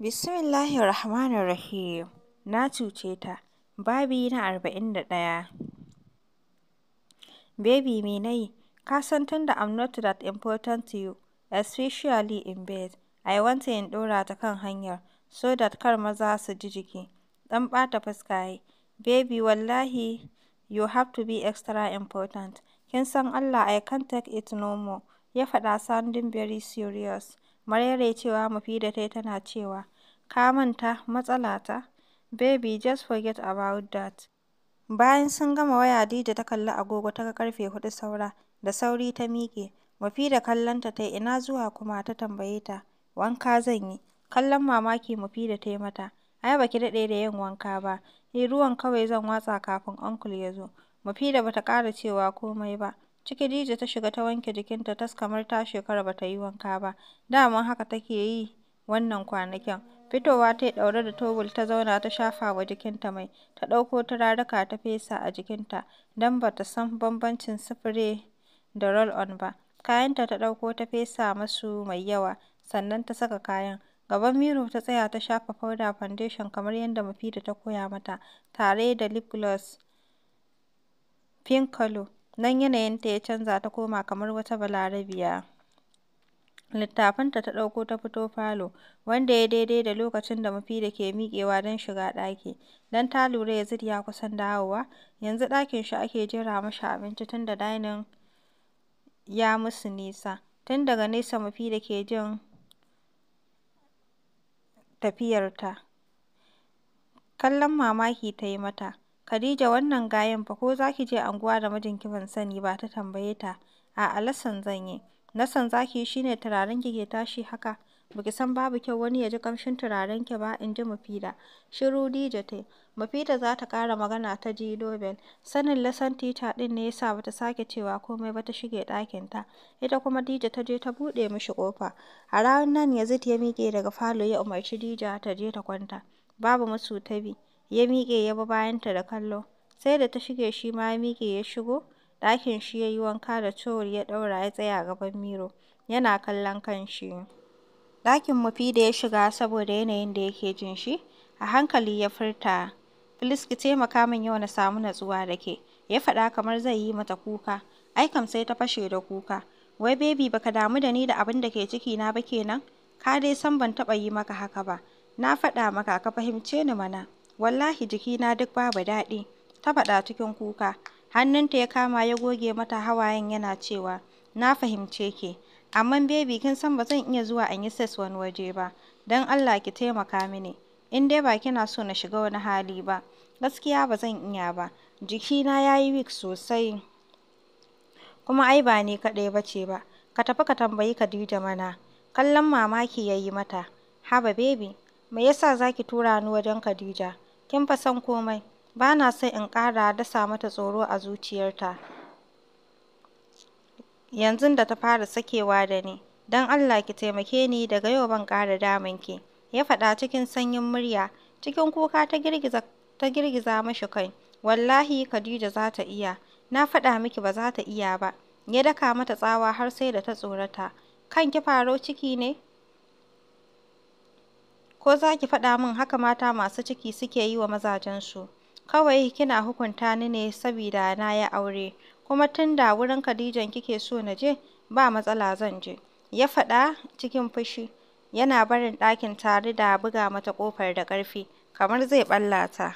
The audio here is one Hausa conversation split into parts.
Rahim. Na cuce ta. Babi na 41. Baby me nayi? Ka san tunda I'm not that important to you, especially in bed, I want in ɗora ta kan hanyar, so that kar maza su ji jiki. Ɗan ɓata fuska yi. Baby wallahi you have to be extra important. Kin san Allah I can't take it no more. Ya faɗa sounding very serious. mafi Mufida ta yi tana cewa: "Ka manta matsala ta baby just forget about that." Bayan sun gama waya Dija ta kalli agogo ta ga ƙarfe 4 saura, da sauri ta miƙe. mafi da kallonta ta yi, "Ina zuwa kuma?" ta tambaye ta. "Wanka zan yi." Kallon mamaki Mufida ta yi mata. "Ai baki ki daɗe da yin wanka ba, ni ruwan kawai zan watsa kafin Uncle ya zo." Mufida da bata ƙara cewa komai ba. Ciki Dija ta shiga ta wanke jikinta tas kamar ta shekara ba ta yi wanka ba, daman haka take yi wannan kwanakin. Fitowa ta yi ɗaure da tobul ta zauna ta shafa wa jikinta mai, ta ɗauko turaruka ta fesa a jikinta don ba ta san bambancin sifire da roll-on ba. Kayanta ta ɗauko ta fesa masu mai yawa, sannan ta saka kayan. Gaban miro ta tsaya ta shafa powder foundation kamar yadda mafida ta koya mata, tare da lip gloss pink color. Nan yanayinta ya canza ta koma kamar wata Balarabiya. Littafinta ta ɗauko ta fito falo, wanda ya yi daidai da lokacin da Mufida ke miƙewa don shiga ɗaki, don ta lura Yazid ya kusan dawowa, yanzu ɗakin shi ake jera mashi abinci tunda dining ya musu nisa. Tun daga nesa Mufida ke jin tafiyarta, kallon mamaki ta yi mata. Khadija wannan gayen fa ko za ki je anguwa da mijinki ban sani ba, ta tambaye ta. A'a lasan zan yi. Lasson za ki yi shi ne turarenki ke tashi haka? Ba ki san babu kyau wani ya ji ƙamshin ki ba, in ji mafida. Shiru Dija ta mafida Mufida za ta ƙara magana ta ji dobel. Sanin lasan tita ɗin ne ya sa ba ta sake cewa komai ba ta shige ɗakinta. Ita kuma Dija ta je ta buɗe mishi kofa. A ranar nan Yazid ya miƙe daga falo ya umarci Dija ta je ta kwanta. Babu masu tabi. ya miƙe ya bi bayanta da kallo, sai da ta shige shi ma ya miƙe ya shigo ɗakin shi ya yi wanka da towel ya ɗaura ya tsaya a gaban miro, yana kallon kanshi. Ɗakin Mufida ya shiga saboda yanayin da yake jin shi, a hankali ya furta, "Please ki taimaka min yau na samu natsuwa da ke." Ya faɗa kamar zai yi mata kuka, ai kam sai ta fashe da kuka. "Wai baby baka damu da ni da abin da ke ciki na ba kenan? Ka dai san ban taɓa yi maka haka ba. Na faɗa maka ka fahimce ni mana." “Wallahi jikina duk babu daɗi,” ta faɗa cikin kuka, hannunta ya kama ya goge mata hawayen yana cewa, “Na fahimce ki, amma bebi, kin san ba zan iya zuwa in yi sex wani waje ba, don Allah ki taimaka mini, in dai ba kina so na shiga wani hali ba, gaskiya ba zan iya ba, jikina ya yi wik sosai, kuma ai ba ni kaɗai ba ce ba, ka tafi ka tambayi Khadija mana.” Kallon mamaki ya yi mata, “Haba baby, me yasa sa za ki tura ni wajen Khadija? Kin fa san komai, ba na son in ƙara dasa mata tsoro a zuciyarta Yanzu da ta fara sakewa da ni. Don Allah ki taimake ni daga yau ban ƙara damun ki, ya faɗa cikin sanyin murya, cikin kuka ta girgiza ta girgiza mashi kai. Wallahi Khadija za ta iya, na faɗa miki ba za ta iya ba. Ya daka mata tsawa har sai da ta tsorata. Kan ki faro ciki ne? Ko za ki faɗa min haka mata masu ciki suke yi wa mazajensu? Kawai kina hukunta ni ne sabida na yi aure, kuma tun da wurin Khadijan kike so na je, ba matsala zan je, ya faɗa cikin fushi, yana barin ɗakin tare da buga mata ƙofar da ƙarfi, kamar zai ɓalla ta.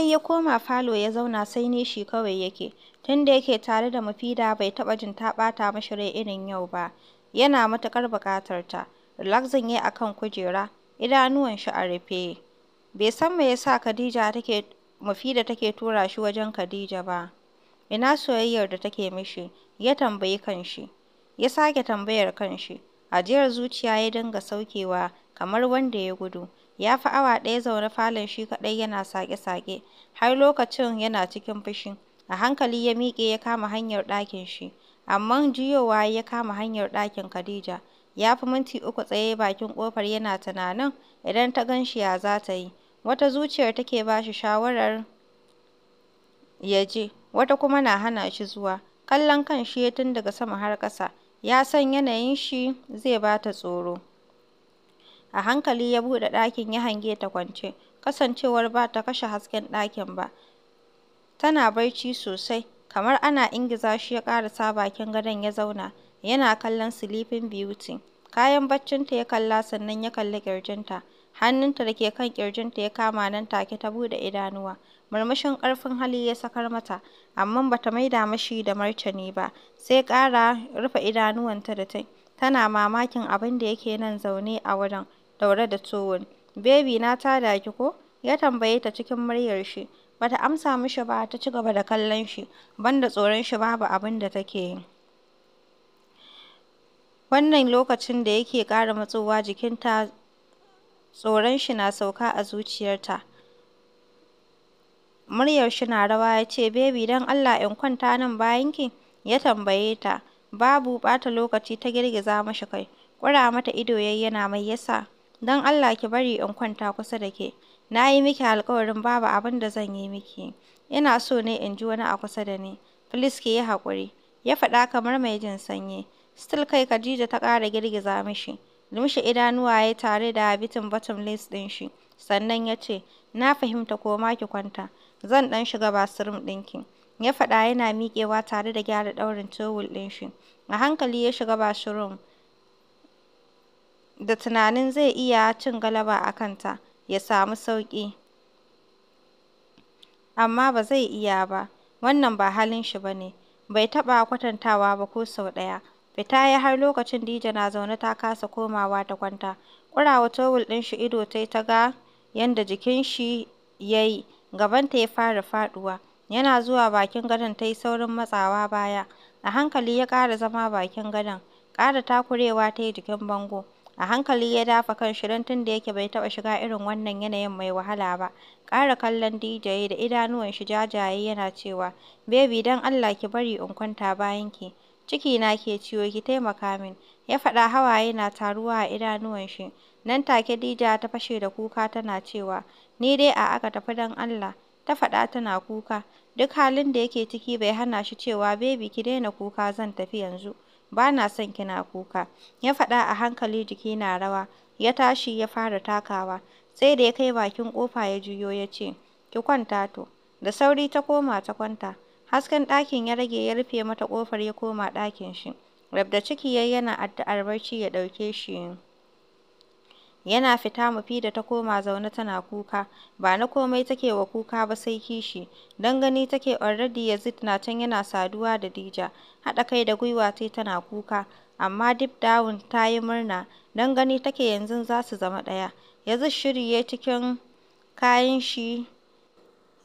yi ya koma falo ya zauna sai ne shi kawai yake, tunda yake tare da mafida, bai taɓa jin ta ɓata mashi rai irin yau ba, yana matuƙar buƙatar ta. Relaxing ya yi a kan kujera, idanuwan shi a rufe. Bai san me yasa Khadija take Mufida take tura shi wajen Khadija ba. Ina soyayyar da take mishi? Ya tambayi kanshi. Ya sake tambayar kanshi. Ajiyar zuciya ya dinga saukewa kamar wanda ya gudu. Ya fi awa ɗaya zaune falon shi kaɗai yana saƙe-saƙe, har lokacin yana cikin fushi. A hankali ya miƙe ya kama hanyar ɗakin shi, amma jiyowa ya kama hanyar ɗakin Khadija. Ya fi minti uku tsaye bakin kofar yana tunanin idan ta gan shi ya za ta yi. Wata zuciyar take ba shi shawarar ya je, wata kuma na hana shi zuwa. Kallon kan shi ya tun daga sama har ƙasa, ya san yanayin shi zai ba ta tsoro. A hankali ya buɗe ɗakin ya hange ta kwance, kasancewar ba ta kashe hasken ɗakin ba. Tana barci sosai, kamar ana ingiza shi ya ƙarasa bakin gadon ya zauna. yana kallon Sleeping Beauty. Kayan baccinta ya kalla sannan ya kalli ƙirjinta. Hannunta da ke kan ƙirjinta ya kama nan take ta buɗe idanuwa. Murmushin ƙarfin hali ya sakar mata, amma bata maida mashi da martani ba, sai ƙara rufe idanuwanta da ta tana mamakin abin da yake nan zaune a wurin, daure da towul. Baby na ta daki ko? Ya tambaye ta cikin muryar shi. Bata amsa mishi ba ta ci gaba da kallon shi, banda tsoron shi babu abin da take yi. Wannan lokacin da yake ƙara matsowa jikinta, tsoron shi na sauka a zuciyarta, Muryarshi na rawa ya ce, “Baby don Allah in kwanta nan bayanki?” ya tambaye ta, babu ɓata lokaci ta girgiza mashi kai, ƙura mata ido ya yana mai yasa, “Don Allah ki bari in kwanta kusa da ke, na yi miki alkawarin babu abin da zan yi miki, ina so ne in ji wani a kusa da ni, please ki yi haƙuri,” ya faɗa kamar mai jin sanyi. Still kai Khadija ta ƙara girgiza mishi. Lumshe idanuwa ya tare da bitin bottom ɗin shi. Sannan ya ce, Na fahimta koma ki kwanta. Zan ɗan shiga basirin ɗinki. Ya faɗa yana miƙewa tare da gyara ɗaurin towul ɗin shi. A hankali ya shiga basirin. Da tunanin zai iya cin galaba a kanta, ya samu sauƙi. Amma ba zai iya ba. Wannan ba halin shi ba ne. Bai taɓa kwatantawa ba ko sau ɗaya. Fita ya har lokacin Dija na zaune ta kasa komawa ta kwanta. Ƙurawa towul ɗin shi ido ta yi ta ga yadda jikin shi ya yi, gabanta ya fara faɗuwa. Yana zuwa bakin gadon ta yi saurin matsawa baya. A hankali ya ƙara zama bakin gadon. Ƙara takurewa ta yi jikin bango. A hankali ya dafa kan shirin tun da yake bai taɓa shiga irin wannan yanayin mai wahala ba. Ƙara kallon DJ da idanuwan shi jajaye yana cewa, "Baby don Allah ki bari in kwanta bayan ki." cikina ke ciwo ki taimaka min ya faɗa hawaye na taruwa a idanuwan shi nan take Dija ta fashe da kuka tana cewa ni dai a aka tafi dan Allah ta faɗa tana kuka duk halin da yake ciki bai hana shi cewa baby ki daina kuka zan tafi yanzu ba na son kina kuka ya faɗa a hankali jiki na rawa ya tashi ya fara takawa sai da ya kai bakin kofa ya juyo ya ce ki kwanta to da sauri ta koma ta kwanta Hasken ɗakin ya rage ya rufe mata ƙofar ya koma ɗakin shi. Rabda ciki yayi yana addu'ar barci ya ɗauke shi. Yana fita da ta koma zaune tana kuka, ba na komai take wa kuka ba sai kishi, don gani take already Yazid na can yana saduwa da Dija, haɗa kai da gwiwa tai tana kuka, amma deep down ta yi murna, don gani take yanzu za su zama ɗaya. Yazid shirye cikin kayan shi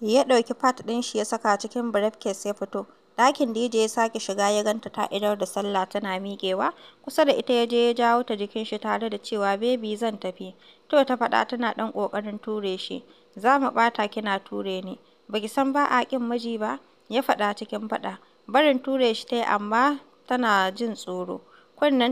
Ya ɗauki fat ɗin shi ya saka cikin briefcase ya fito. Ɗakin DJ ya sake shiga ya ganta ta idar da sallah tana miƙewa, kusa da ita ya je ya jawo ta jikin shi tare da cewa "Baby zan tafi." To ta faɗa tana ɗan ƙoƙarin ture shi. "Za mu ɓata kina ture ni. Ba ki san ba a ƙin miji ba?" ya faɗa cikin faɗa. Barin ture shi ta yi amma tana jin tsoro.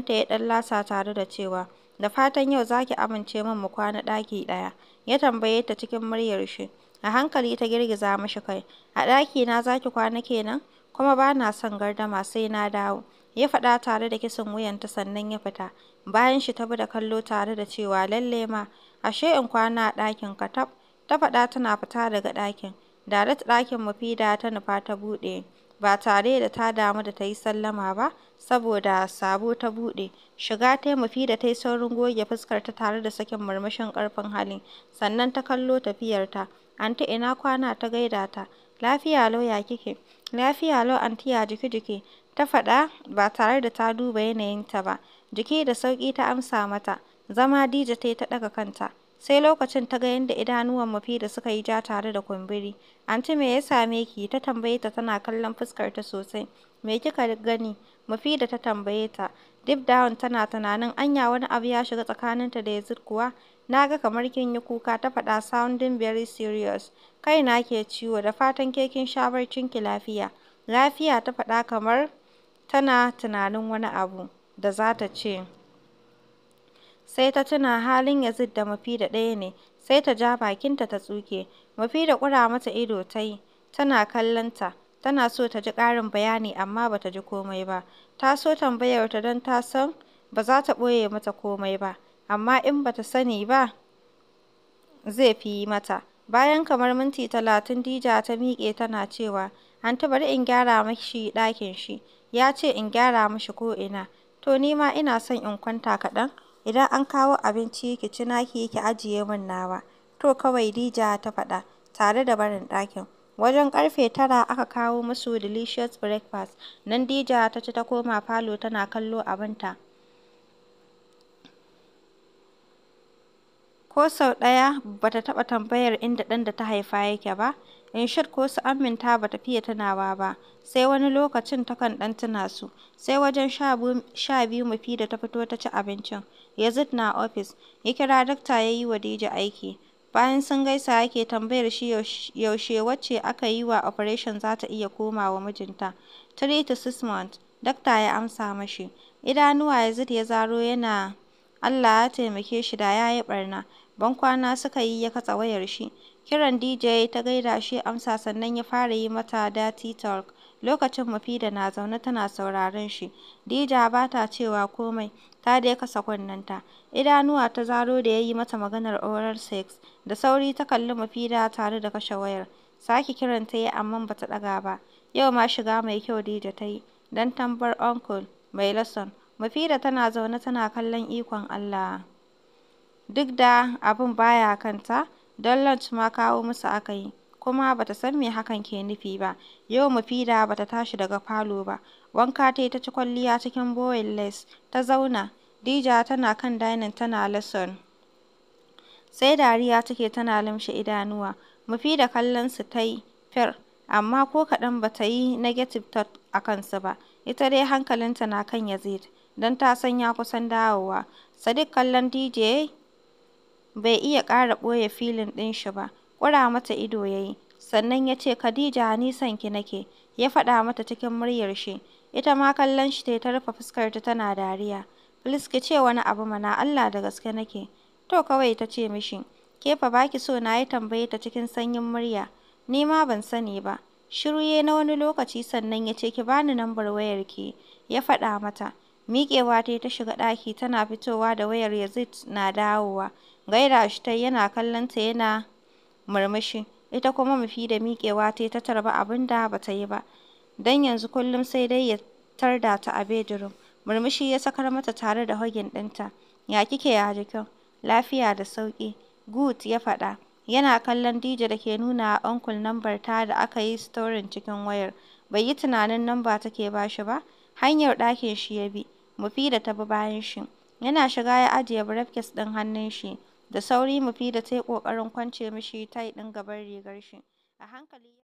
ta ya ɗan lasa tare da cewa "Da fatan yau za ki amince min mu kwana ɗaki ɗaya?" ya tambaye ta cikin muryar shi. A hankali ta girgiza mashi kai. A ɗakina za ki kwana kenan? Kuma ba na son gardama sai na dawo. Ya faɗa tare da kisan wuyanta sannan ya fita. Bayan shi ta bi da kallo tare da cewa lalle ma, ashe in kwana a ɗakin ka tab. Ta faɗa tana fita daga ɗakin. Da ta ɗakin Mufida ta nufa ta buɗe. ba tare da ta damu da ta yi sallama ba, saboda sabo ta buɗe. Shiga ta yi, da ta yi saurin goge fuskar ta tare da sakin murmushin karfin hali, sannan ta kallo tafiyarta. Anti ina kwana?" ta gaida ta. "Lafiya lau, ya kike?" "Lafiya lau anti ya jiki-jiki?" ta faɗa ba tare da ta duba yanayin ta ba. Jiki da sauƙi ta amsa mata. Zama Dija ta ta ɗaga kanta. Sai lokacin ta ga yadda idanuwan Mufida suka yi ja tare da kumburi. anti me ya same ki?" ta tambaye ta tana kallon fuskar ta sosai. "Me kika gani?" Mufida ta tambaye ta. Deep down tana tunanin anya wani abu ya shiga tsakaninta da Yazid kuwa. "Na ga kamar kin yi kuka," ta faɗa sounding very serious. kai na ke ciwo, da fatan ke kin sha barcinki lafiya." "Lafiya," ta faɗa kamar tana tunanin wani abu da za ta ce. Sai ta tuna halin Yazid da mafida ɗaya ne, sai ta ja bakinta ta tsuke. mafida ƙura mata ido ta yi, tana kallonta, tana so ta ji ƙarin bayani amma ba ta ji komai ba. Ta so tambayarta don ta san ba za ta ɓoye mata komai ba, amma in ba ta sani ba zai fi yi mata. Bayan kamar minti talatin Dija ta miƙe tana cewa, "Anti bari in gyara mashi ɗakin shi, ya ce in gyara mashi ko ina to ni ma ina son in kwanta kaɗan." Idan an kawo abinci ki ci naki ki ajiye min nawa, to kawai Dija ta faɗa, tare da barin ɗakin. Wajen ƙarfe tara aka kawo musu delicious breakfast, nan Dija ta ci ta koma falo tana kallo abinta. Ko sau ɗaya bata ta taɓa tambayar inda ɗan da ta haifa yake ba. In Inshot ko su Aminta bata fiye tunawa ba, sai wani lokacin takan ɗan tuna su. Sai wajen sha biyu da ta fito ta ci abincin. yazut na ofis, ya kira dakta ya yi wa Dija aiki. Bayan sun gaisa yake tambayar shi yaushe wacce aka yi wa operation za ta iya komawa mijinta. Three to six dakta ya amsa mashi. Idanuwa Yazid ya zaro yana Allah ya taimake shi da ya yi ɓarna. Bankwana suka yi ya katsa wayar shi. Kiran DJ ta gaida shi amsa sannan ya fara yi mata dirty talk. Lokacin Mafida na zaune tana sauraron shi, Dija ba ta cewa komai, ta dai kasa kunnenta. Idanuwa ta zaro da ya yi mata maganar oral sex, da sauri ta kalli Mafida tare da kashe wayar. Sake kiran ta yi amma ba ta ɗaga ba. Yau ma shiga mai kyau Dija ta yi, don tambar uncle, mai lesson. Mafida tana zaune tana kallon ikon Allah. Duk da abin baya kanta, don lunch ma kawo musu aka yi. kuma ba ta san me hakan ke nufi ba. Yau Mufida ba ta tashi daga falo ba. Wanka ta yi ta ci kwalliya cikin boyin lace, ta zauna. Dija tana kan dining tana lesson. Sai dariya take tana limshe idanuwa. Mufida kallon su ta fir, amma ko kaɗan ba ta yi negative thought a kansu ba. Ita dai hankalinta na kan Yazid, don ta san ya kusan dawowa. Sadiq kallon DJ bai iya ƙara ɓoye filin ɗin shi ba. ƙura mata ido ya yi, sannan ya ce, Khadija ni son ki nake, ya faɗa mata cikin muryar shi, ita ma kallon shi ta yi ta rufe fuskarta tana dariya. filis ki ce wani abu mana Allah da gaske nake. To kawai ta ce mishi, ke fa baki so na yi tambaye ta cikin sanyin murya, ni ma ban sani ba. Shiru ya na wani lokaci sannan ya ce ki bani lambar wayar ki, ya faɗa mata. Miƙewa ta ta shiga ɗaki tana fitowa da wayar Yazid na dawowa. Gaira shi ta yana kallon ta yana murmushi, ita kuma da miƙewa ta yi ta tarbi abin da ba ta yi ba, don yanzu kullum sai dai ya tarda ta a bedroom. Murmushi ya sakar mata tare da hogin ɗinta. Ya kike ya kyau Lafiya da sauƙi. Good ya faɗa. Yana kallon Dija da ke nuna a uncle nambar ta da aka yi storin cikin wayar. Bai yi tunanin namba take ba shi ba. Hanyar ɗakin shi ya bi. da ta bi bayan shi. Yana shiga ya ajiye briefcase ɗin hannun shi. Da sauri mu fi da yi ƙoƙarin kwance mishi tayil ɗin gaban rigar shi, a hankali